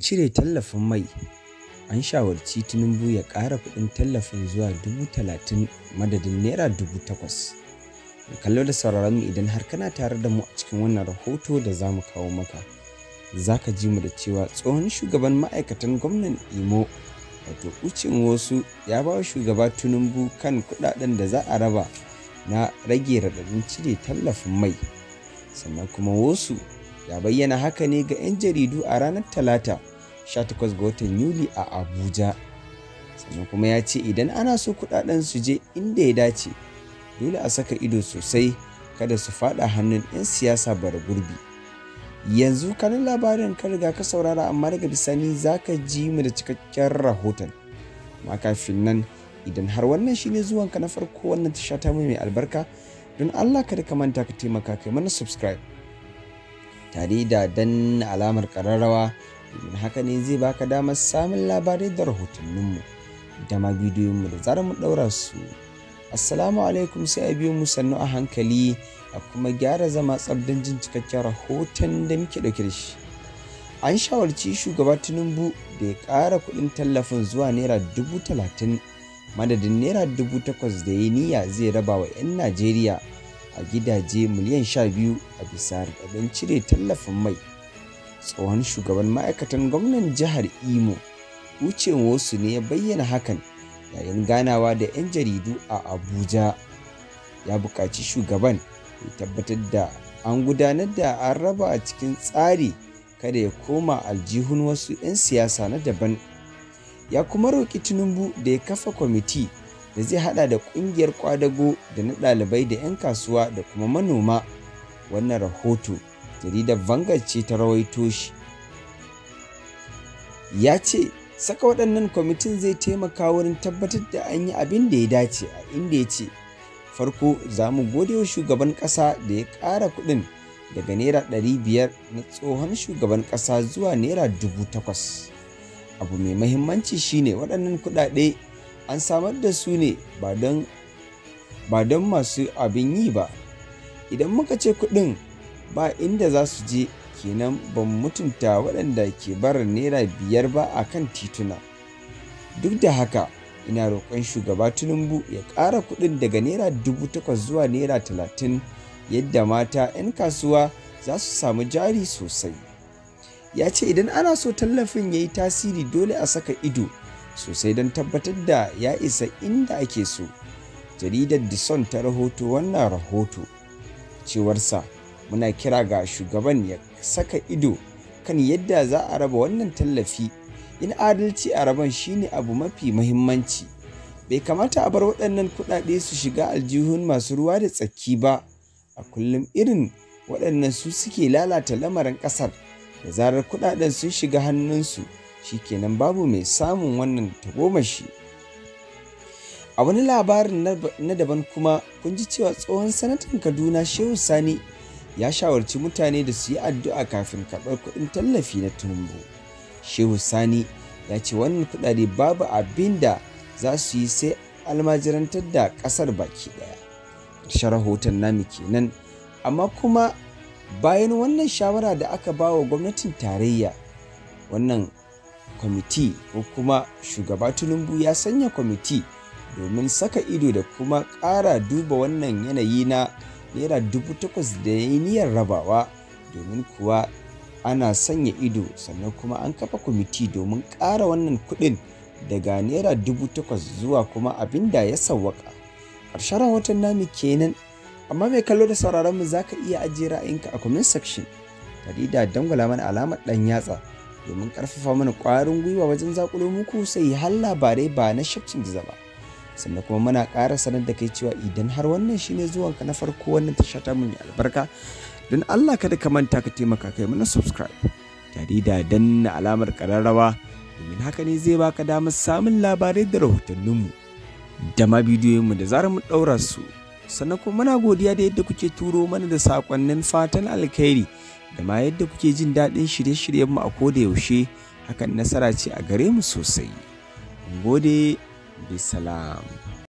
cire tallafin mai, an shawarci Tinubu ya ƙara kuɗin tallafin zuwa Dubu talatin madadin Naira dubu takwas. kallo da sauraron mu idan har kana tare da mu a cikin wannan rahoto da za mu kawo maka. Za ka ji mu da cewa tsohon shugaban ma'aikatan gwamnan Imo wato Ucin wasu ya ba wa shugaba Tinubu kan kuɗaɗen da za a raba na rage raɗaɗin cire tallafin mai. Sannan kuma wasu ya bayyana haka ne ga 'yan jaridu a ranar Talata. 18 ga watan Yuli a Abuja. Sannan kuma ya ce idan ana so kudaden su je inda ya dace, dole a saka ido sosai kada su fada hannun 'yan siyasa bara gurbi. Yanzu kanin labarin ka riga ka saurara amma daga bisani za ka ji mu da cikakken rahoton. Ma kafin nan idan har wannan shine zuwanka na farko wannan tasha ta mai albarka don Allah kada ka manta ka taimaka kai mana subscribe. Tare da danna alamar ƙararrawa domin haka ne zai baka damar samun labarai da rahotanninmu da ma bidiyonmu da zarar mu ɗaura su assalamu alaikum sai a biyo mu sannu a hankali a kuma gyara zama tsabdan jin cikakken rahoton da muke ɗauke da shi an shawarci shugaba tinubu da ya ƙara kuɗin tallafin zuwa naira dubu talatin madadin naira dubu takwas da ya niyya zai raba wa 'yan najeriya a gidaje miliyan sha biyu a bisa cire tallafin mai tsohon shugaban ma'aikatan gwamnan jihar imo wuce wasu ne ya bayyana hakan yayin ganawa da 'yan jaridu a abuja ya buƙaci shugaban ya tabbatar da an gudanar da an raba a cikin tsari kada ya koma aljihun wasu 'yan siyasa na daban ya kuma roƙi tinubu da ya kafa kwamiti da zai hada da ƙungiyar kwadago da na ɗalibai da 'yan kasuwa da kuma manoma wannan rahoto jaridar Vanguard ce ta rawaito shi ya ce saka waɗannan kwamitin zai taimaka wurin tabbatar da an yi abin da ya dace a inda ya ce farko za mu gode wa shugaban ƙasa da ya ƙara kuɗin daga naira 500 na tsohon shugaban ƙasa zuwa naira 8,000 abu mai mahimmanci shine waɗannan kuɗaɗe an samar da su ne ba don masu abin yi ba idan muka ce kuɗin ba inda za su je kenan ban mutunta waɗanda ke barin naira biyar ba a kan tituna duk da haka ina roƙon shugaba tinubu ya ƙara kuɗin daga naira dubu takwas zuwa naira talatin yadda mata 'yan kasuwa za su samu jari sosai ya ce idan ana so tallafin ya yi tasiri dole a saka ido sosai don tabbatar da ya isa inda ake so jaridar dison ta rahoto wannan rahoto cewarsa muna kira ga shugaban ya saka ido kan yadda za a raba wannan tallafi in adalci a rabon shine abu mafi mahimmanci bai kamata a bar waɗannan kuɗaɗe su shiga aljihun masu ruwa da tsaki ba a kullum irin waɗannan su suke lalata lamarin ƙasar da zarar kuɗaɗen sun shiga hannunsu Shi kenan babu mai samun wannan tagomashi a wani labarin na daban kuma kun ji cewa tsohon sanatan kaduna shehu sani ya shawarci mutane da su yi addu'a kafin karɓar kuɗin tallafi na tinubu shehu sani ya ce wannan kuɗaɗe babu abin da za su yi sai almajirantar da ƙasar baki ɗaya ƙarshen rahoton namu kenan amma kuma bayan wannan shawara da aka ba wa gwamnatin tarayya wannan kwamiti ko kuma shugaba tulumbu ya sanya kwamiti domin saka ido da kuma ƙara duba wannan yanayi na naira dubu takwas da ya yi niyyar rabawa domin kuwa ana sanya ido sannan kuma an kafa kwamiti domin ƙara wannan kuɗin daga naira dubu takwas zuwa kuma abin da ya sawwaka ƙarshen rahoton namu kenan amma mai kallo da sauraronmu mu zaka iya ajiye ra'ayinka a comment section tare da dangwala mana alamar ɗan yatsa domin ƙarfafa mana ƙwarin gwiwa wajen zakulo muku sai har labarai ba na shafcin gizo ba sannan kuma muna ƙara sanar da kai cewa idan har wannan shine zuwanka na farko wannan ta ta mun albarka don Allah kada ka manta ka taimaka kai mana subscribe tare da danna alamar kararrawa domin haka ne zai baka damar samun labarai da rahotanninmu da ma mu da zara mu daura su sannan kuma muna godiya da yadda kuke turo mana da sakonnin fatan alkhairi da ma yadda kuke jin daɗin shirye shiryen mu a koda yaushe hakan nasara ce a gare mu sosai. Gode be salam